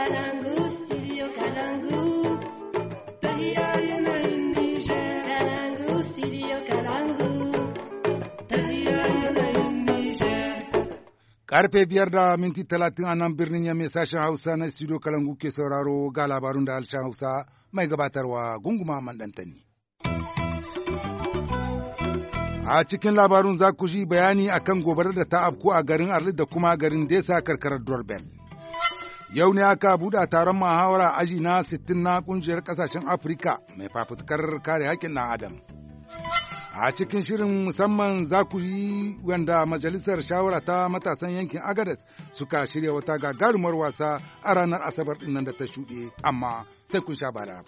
Kalangu, studio Kalangu. Kalangu, studio Kalangu. Karfe biyar da minti talatin a nan birnin ya sashen Hausa na studio Kalangu ke sauraro ga labarun da alshan Hausa mai gabatarwa gunguma mandantani. A cikin labarun za ku ji bayani akan gobarar da ta afku a garin Arli da kuma garin Desa karkarar Dorbel. Yau ne aka buɗa taron muhawara aji na 60 na ƙungiyar ƙasashen Afirka mai fafutukar kare haƙƙin ɗan Adam. A cikin shirin musamman za ku yi wanda Majalisar Shawara ta matasan yankin Agadez suka shirya wata gagarumar wasa a ranar Asabar ɗin nan da ta shuɗe, amma sai kun sha ba da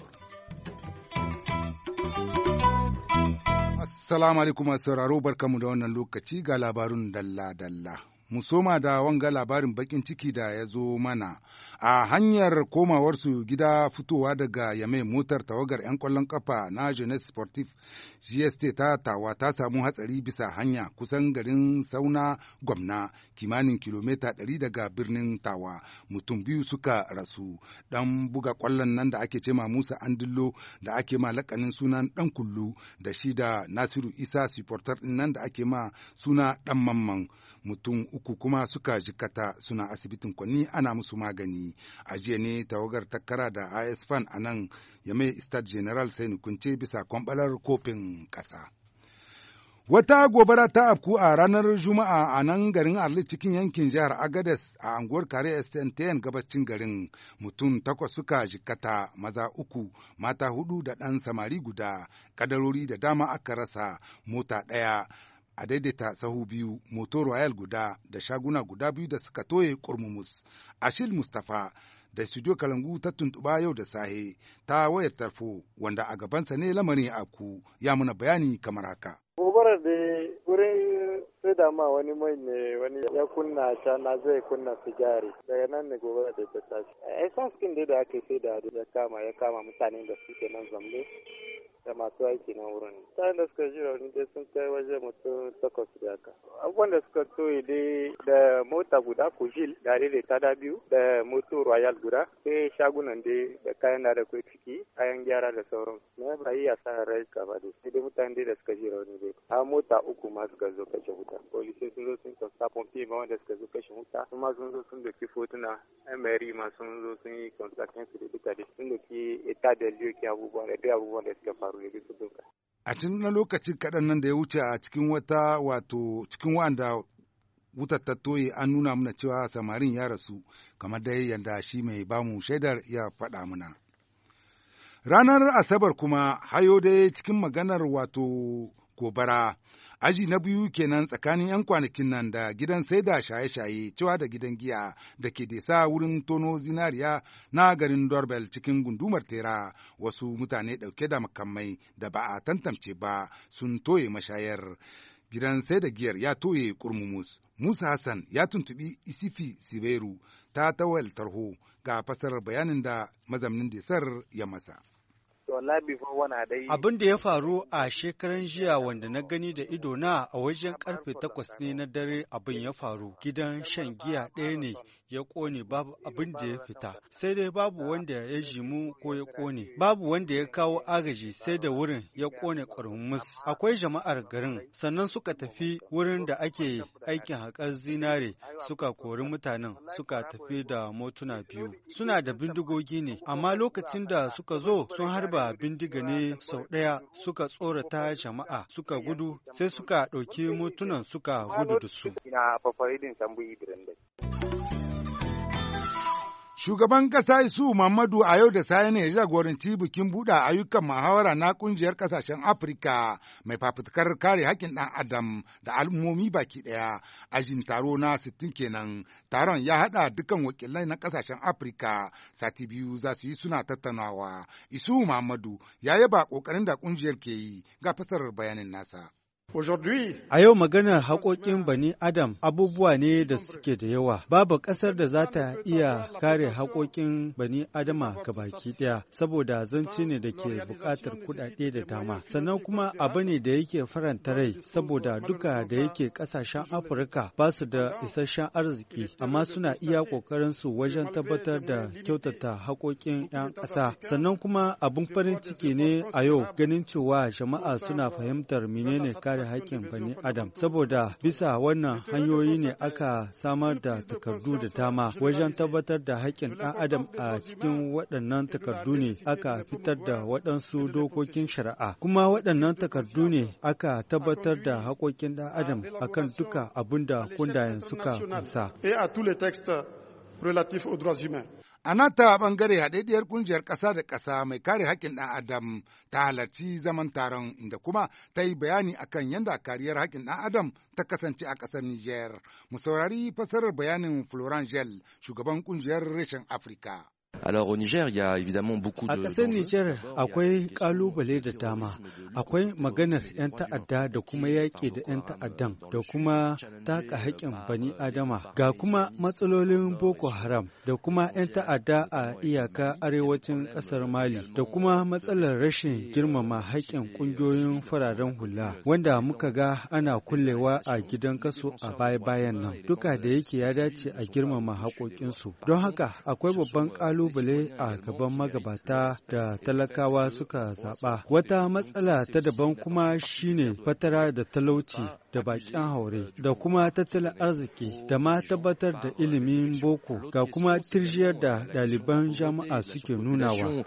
Assalamu alaikum sauraro barkamu da wannan lokaci ga labarun dalla-dalla. mu soma da wanga labarin bakin ciki da ya zo mana a hanyar komawarsu gida fitowa daga yame motar tawagar 'yan kwallon kafa na jeunesse sportif gst ta tawa ta samu hatsari bisa hanya kusan garin sauna gwamna kimanin kilomita 100 daga birnin tawa mutum biyu suka rasu dan buga kwallon nan da ake cema musa andillo da ake ma lakanin sunan dan kullu da shi da nasiru isa supporter nan da ake ma suna dan mamman mutum uku uku kuma suka jikata suna asibitin kwanni ana musu magani. A jiya ne tawagar takara da IS Fan a nan ya mai State General sai nukunce bisa kwambalar kofin kasa Wata gobara ta afku a ranar Juma'a a nan garin Arli cikin yankin jihar Agades a anguwar Kare STNTN gabascin garin mutum takwas suka jikata maza uku mata hudu da ɗan samari guda kadarori da dama aka rasa mota ɗaya a daidaita sahu biyu motor royal guda da shaguna guda biyu da suka toye kurmumus ashil mustapha da studio kalangu ta tuntuba yau da sahe ta wayar tarfo wanda a gabansa ne lamarin aku ya muna bayani kamar haka gobarar da wurin sai da ma wani mai ne wani ya kunna na zai kunna sigari daga nan ne gobe da ta tashi a esans da ake sai da ya kama ya kama mutane da suke nan zamle da masu aiki na wurin sa'in da suka ji rauni dai sun kai waje mutum takwas da haka abubuwan da suka toye dai da mota guda kujil da da tada biyu da moto royal guda sai shagunan dai da kayan da da kwai ciki kayan gyara da sauran na ba yi a sa rai gaba dai sai dai mutane dai da suka ji rauni dai a mota uku ma suka zo kashe wuta polisai sun zo sun kwasta pompi ma wanda suka zo kashe wuta ma sun zo sun doki fotuna mri ma sun zo sun yi kwasta su da duka da sun doki ita da liyoki ke abubuwan da abubuwan da suka faru A cikin na lokacin kaɗan nan da ya wuce a cikin wata wato cikin wa'anda wutar ta toye an nuna mana cewa samarin ya rasu kamar dai yadda shi mai bamu shaidar ya faɗa mana. Ranar Asabar kuma hayo dai cikin maganar wato gobara. Aji na biyu kenan tsakanin 'yan kwanakin nan da gidan saida shaye-shaye cewa da gidan giya da ke desa wurin tono zinariya na garin Dorbel cikin gundumar tera wasu mutane ɗauke da makamai da ba a tantance ba sun toye mashayar. Gidan saida giyar ya toye kurmumus. Musa Hassan ya tuntubi Isifi Siberu ta tawal tarho ga fasar bayanin da mazamnin desar ya masa. Abin da ya faru a shekaran jiya wanda na gani da ido na a wajen karfe takwas ne na dare abin ya faru gidan shan giya ɗaya ne ya ƙone babu abin da ya fita sai dai babu wanda ya jimu ko ya ƙone babu wanda ya kawo agaji sai da wurin ya ƙone ƙurmus akwai jama'ar garin sannan suka tafi wurin da ake aikin haƙar zinare suka kori mutanen suka tafi da motuna biyu suna da bindigogi ne amma lokacin da suka zo sun harba bindiga ne sau ɗaya suka tsorata jama'a suka gudu sai suka ɗauki motunan suka gudu da su Shugaban ƙasa Isu Muhammadu a yau da sai ne ya jagoranci bikin buɗe ayyukan muhawara na ƙungiyar ƙasashen Afirka mai fafutukar kare haƙƙin ɗan Adam da al'ummomi baki ɗaya ajin taro na sittin kenan. Taron ya haɗa dukkan wakilai na ƙasashen Afirka sati biyu za su yi suna tattaunawa. Isu Muhammadu ya yaba ƙoƙarin da ƙungiyar ke yi ga fasarar bayanin nasa. A yau maganar haƙoƙin bani Adam abubuwa ne da suke da yawa. Babu ƙasar da za ta iya kare haƙoƙin bani Adama ga baki ɗaya, saboda zance ne da ke buƙatar kuɗaɗe da dama. Sannan kuma abu ne da yake faranta rai, saboda duka da yake ƙasashen Afirka ba su da isasshen arziki, amma suna iya ƙoƙarin su wajen tabbatar da kyautata haƙoƙin 'yan ƙasa. Sannan kuma abin farin ciki ne a yau ganin cewa jama'a suna fahimtar menene kare kare haƙƙin bani adam saboda bisa wannan hanyoyi ne aka samar da takardu da dama wajen tabbatar da haƙƙin ɗan adam a cikin waɗannan takardu ne aka fitar da waɗansu dokokin shari'a kuma waɗannan takardu ne aka tabbatar da haƙoƙin ɗan adam akan duka abin da kundayen suka kunsa. relatif aux droits A nata ɓangare haɗaɗɗiyar ƙungiyar ƙasa da ƙasa mai kare haƙƙin ɗan Adam ta halarci zaman taron inda kuma ta yi bayani akan yadda kariyar haƙƙin ɗan Adam ta kasance a ƙasar Nijar. Mu saurari fasarar bayanin Florangel, shugaban ƙungiyar reshen Afirka. A ƙasar Nijar akwai ƙalubale da dama, akwai maganar 'yan ta'adda da kuma yaƙi da 'yan ta'addan da kuma taka haƙƙin bani Adama, ga kuma matsalolin Boko Haram da kuma 'yan ta'adda a iyaka arewacin ƙasar Mali da kuma matsalar rashin girmama haƙƙin ƙungiyoyin fararen hula wanda muka ga ana kullewa a gidan kaso a baya-bayan nan. Duka da yake ya dace a girmama haƙoƙinsu. Don haka akwai babban ƙalubale kalubale a gaban magabata da talakawa suka zaɓa. Wata matsala ta daban kuma shine fatara da talauci da bakin haure da kuma tattalin arziki da ma tabbatar da ilimin boko ga kuma tirjiyar da ɗaliban jami'a suke nunawa.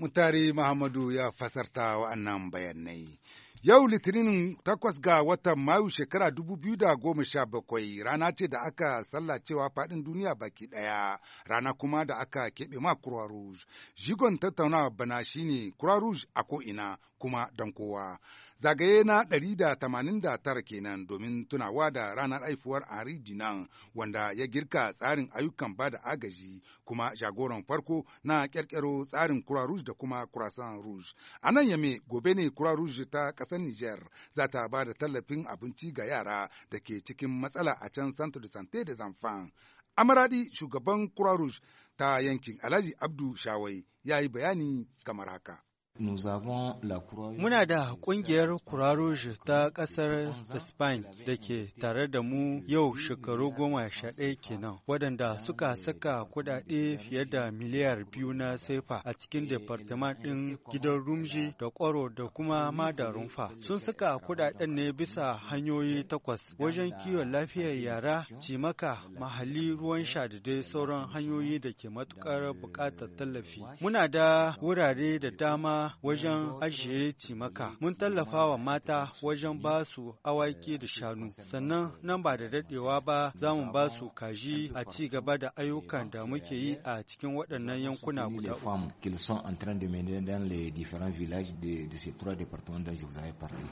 Mutari Muhammadu ya fasarta wa'annan bayanai. Yau Litinin takwas ga watan Mayu shekara dubu biyu da goma sha bakwai rana ce da aka sallacewa faɗin duniya baki ɗaya rana kuma da aka keɓe ma Croix Rouge. Jigon tattaunawa bana shine Croix Rouge a ko'ina kuma don kowa. Zagaye na 189 kenan domin tunawa da ranar haifuwar Henri Dinan wanda ya girka tsarin ayyukan bada agaji kuma jagoran farko na ƙirƙiro tsarin Kura Rouge da kuma Croissant Rouge. A nan yame gobe ne Kura Rouge ta ƙasar Niger za ta ba da tallafin abinci ga yara da ke cikin matsala a can Santo de Sante da Zamfan. Amaradi shugaban Kura Rouge ta yankin Alhaji Abdu Shawai ya yi bayani kamar haka. Muna da ƙungiyar Kurarouge ta ƙasar Spain da ke tare da mu yau shekaru goma sha ɗaya kenan, waɗanda suka saka kuɗaɗe fiye da miliyar biyu na saifa a cikin departament ɗin gidan Rumji da ƙwaro da kuma ma da Rumfa. Sun saka kuɗaɗen ne bisa hanyoyi takwas wajen kiwon lafiyar yara, cimaka, mahalli ruwan sha da dai sauran hanyoyi da ke matuƙar buƙatar tallafi. Muna da wurare da dama kuma wajen ajiye timaka Mun tallafa wa mata wajen ba su awaki da shanu. Sannan nan ba da daɗewa ba za mu ba su kaji a ci gaba da ayyukan da muke yi a cikin waɗannan yankuna guda uku.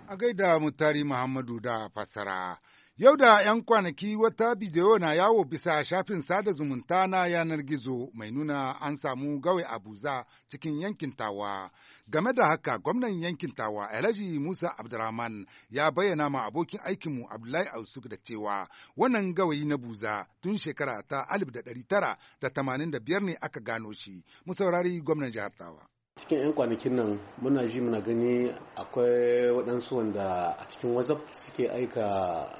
A gaida Mutari Muhammadu da fasara. Yau da ‘yan kwanaki wata bidiyo na yawo bisa shafin sada zumunta na yanar gizo mai nuna an samu gawai abuza cikin yankin tawa. Game da haka gwamnan yankin tawa Alhaji Musa Abdulrahman, ya bayyana ma abokin aikinmu Abdullahi Ausuk da cewa wannan gawayi na buza tun shekara ta 1985 ne aka gano shi. musaurari gwamnan jihar tawa. cikin 'yan kwanakin nan muna ji muna gani akwai waɗansu wanda a cikin whatsapp suke aika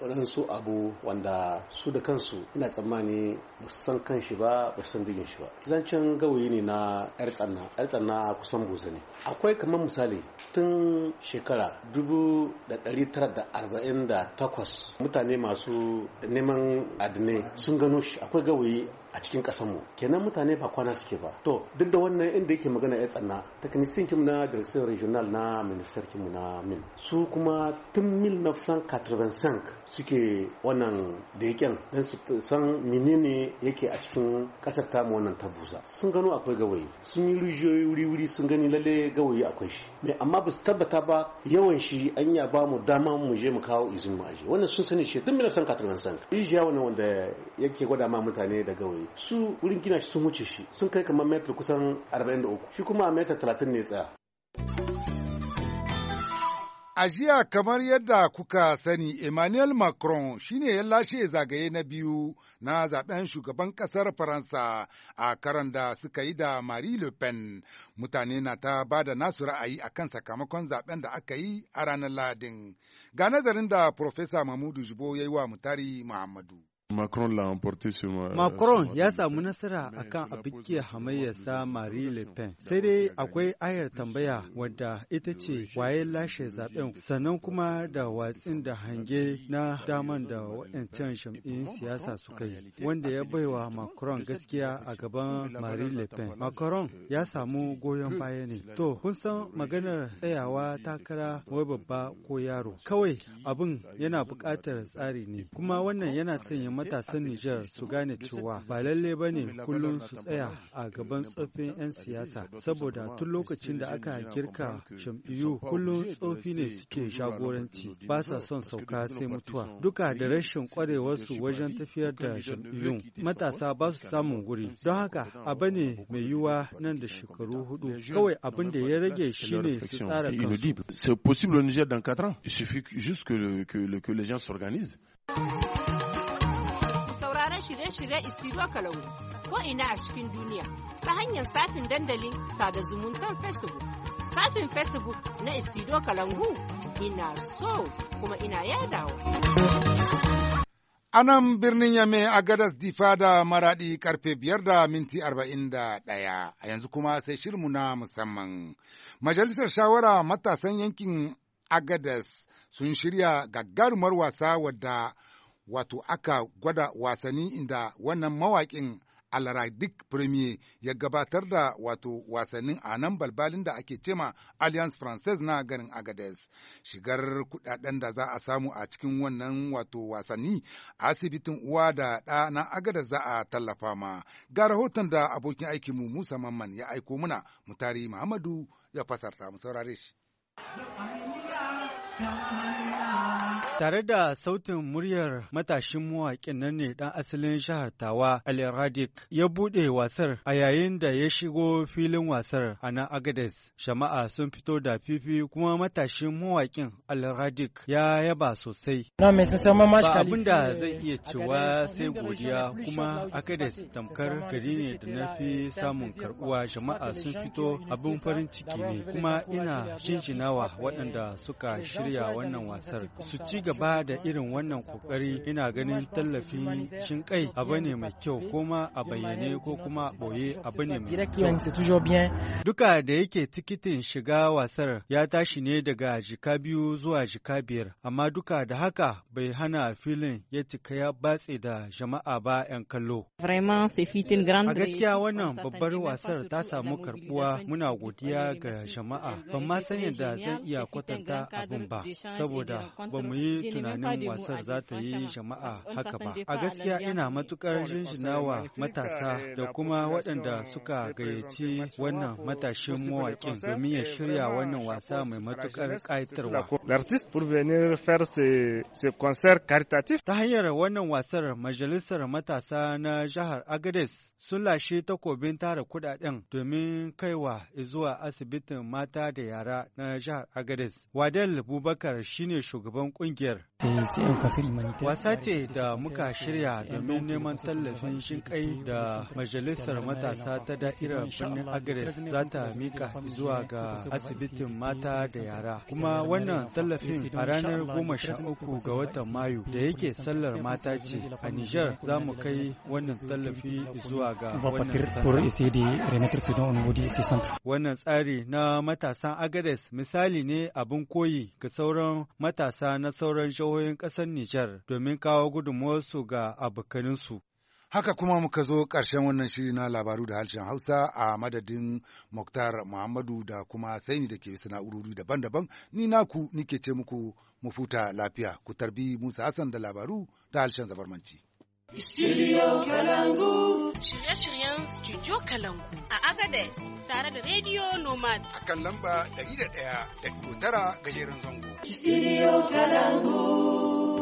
waɗansu abu wanda su da kansu ina tsammani ba su san kan shi ba ba su san digin shi ba zancen gawayi ne na 'yar tsanna 'yar tsanna kusan busa ne akwai kamar misali tun shekara 1948 mutane masu neman adinai sun gano shi akwai gawayi a cikin mu kenan mutane ba kwana suke ba to duk da wannan inda yake magana ya tsanna technician kim na direction regional na minister kim na min su kuma tun 1985 suke wannan da yaken dan su san menene yake a cikin kasar tamu wannan ta busa sun gano akwai gawayi sun yi rijiyoyi wuri-wuri sun gani lalle gawayi akwai shi mai amma ba su tabbata ba yawan shi an ya ba mu dama mu je mu kawo izin mu aje wannan sun sani shi tun 1985 rijiya wannan wanda yake gwada ma mutane da gawayi su wurin gina shi sun wuce shi sun kai kamar metar kusan 43 shi kuma a metar 30 ne tsaya A jiya kamar yadda kuka sani Emmanuel Macron shine ya lashe zagaye na biyu na zaben shugaban kasar Faransa a karan da suka yi da Marie Le Pen. Mutane na ta ba da nasu ra'ayi a kan sakamakon zaben da aka yi a ranar Ladin. Ga nazarin da Profesa Mahmudu Jibo ya yi wa Mutari Muhammadu. Macron l'a emporté sur moi. Macron ya samu nasara akan abikiyar hamayyarsa Marie Le Pen. Sai dai akwai ayar tambaya wadda ita ce waye lashe zaben sannan kuma da watsin da hange na daman da waɗancan jam'iyyun siyasa suka yi wanda ya baiwa Macron gaskiya a gaban Marie Le Pen. Macron ya samu goyon baya ne. To kun san maganar tsayawa takara wai babba ko yaro. Kawai abin yana buƙatar tsari ne kuma wannan yana sanya matasan Nijar su gane cewa ba lalle ba ne kullum su tsaya a gaban tsoffin 'yan siyasa saboda tun lokacin da aka girka jam'iyyu kullum tsofi ne suke jagoranci ba sa son sauka sai mutuwa duka da rashin kwarewarsu wajen tafiyar da jam'iyyun matasa ba su samun guri don haka abu ne mai yiwuwa nan da shekaru hudu kawai abin da ya rage shine su tsara kansu. C'est possible sauran shirye-shirye aka kalangu ko ina a cikin duniya ta hanyar safin dandalin sada zumuntar facebook safin facebook na isiro kalangu ina so kuma ina yadawa a nan birnin yame a gadas difa da maradi karfe biyar da minti arba'in da ɗaya a yanzu kuma sai shirmu na musamman majalisar shawara matasan yankin agadas sun shirya gagarumar wasa wadda wato aka gwada wasanni inda wannan mawaƙin Duk premier ya gabatar da wato wasannin a nan balbalin da ake cema alliance française na ganin agades shigar kudaden da za a samu a cikin wannan wato wasanni asibitin uwa da ɗa na agades za a tallafa ma ga rahoton da abokin aikinmu musa mamman ya aiko muna mutari muhammadu ya fasarta mu saurare shi Tare da sautin muryar matashin mawaƙin nan ne ɗan asalin shahar Tawa Ali Radik ya buɗe wasar a yayin da ya shigo filin wasar a nan Agades. Shama'a sun fito da fifi kuma matashin mawaƙin Ali Radik ya yaba sosai. Ba abin da zai iya cewa sai godiya kuma Agades tamkar gari ne da na fi samun karɓuwa jama'a sun fito abin farin ciki ne kuma ina shinshinawa waɗanda suka shirya wannan wasar su ci gaba da irin wannan kokari ina ganin tallafi shin kai abu ne mai kyau kuma a bayyane ko kuma boye abu ne mai kyau. Duka da yake tikitin shiga wasar ya tashi ne daga jika biyu zuwa jika biyar amma duka da haka bai hana filin ya cika ya batse da jama'a ba 'yan kallo. A gaskiya wannan babbar wasar ta samu karbuwa muna godiya ga jama'a euh, ban ma san yadda zan iya kwatanta abin ba saboda ba mu yi tunanin wasar za ta yi jama'a haka ba. A gaskiya ina matukar jinjinawa matasa da kuma waɗanda suka gayyaci wannan matashin mawaƙin domin ya shirya wannan wasa mai matukar ƙaitarwa. Ta hanyar wannan wasar majalisar matasa na jihar Agadez sun lashe takobin tara kuɗaɗen domin kaiwa zuwa asibitin mata da yara na jihar Agadez. Wadel Bubakar shine shugaban ƙungiyar. Wasa ce da muka shirya domin neman tallafin shinkai da majalisar matasa ta da'irar birnin Agadez za ta mika zuwa ga asibitin mata da yara. Kuma wannan tallafin a ranar goma sha uku ga watan Mayu da yake sallar mata ce a Nijar za mu kai wannan tallafi zuwa ga wannan tsari na matasan Agades misali ne abin koyi ga sauran matasa na sauran jihohin ƙasar Nijar domin kawo gudunmuwarsu ga abokaninsu. Haka kuma muka zo ƙarshen wannan shiri na labaru da harshen Hausa a madadin Muktar Muhammadu da kuma Saini da ke bisa na'urori daban-daban, ni naku nike ce muku mu futa lafiya, ku tarbi Musa Hassan da labaru da harshen zabarmanci. Studio Kalangu. Shirye-shiryen Studio Kalangu. A Agades tare da Radio Nomad. A kan lamba ga gajeren zango. Studio Kalangu.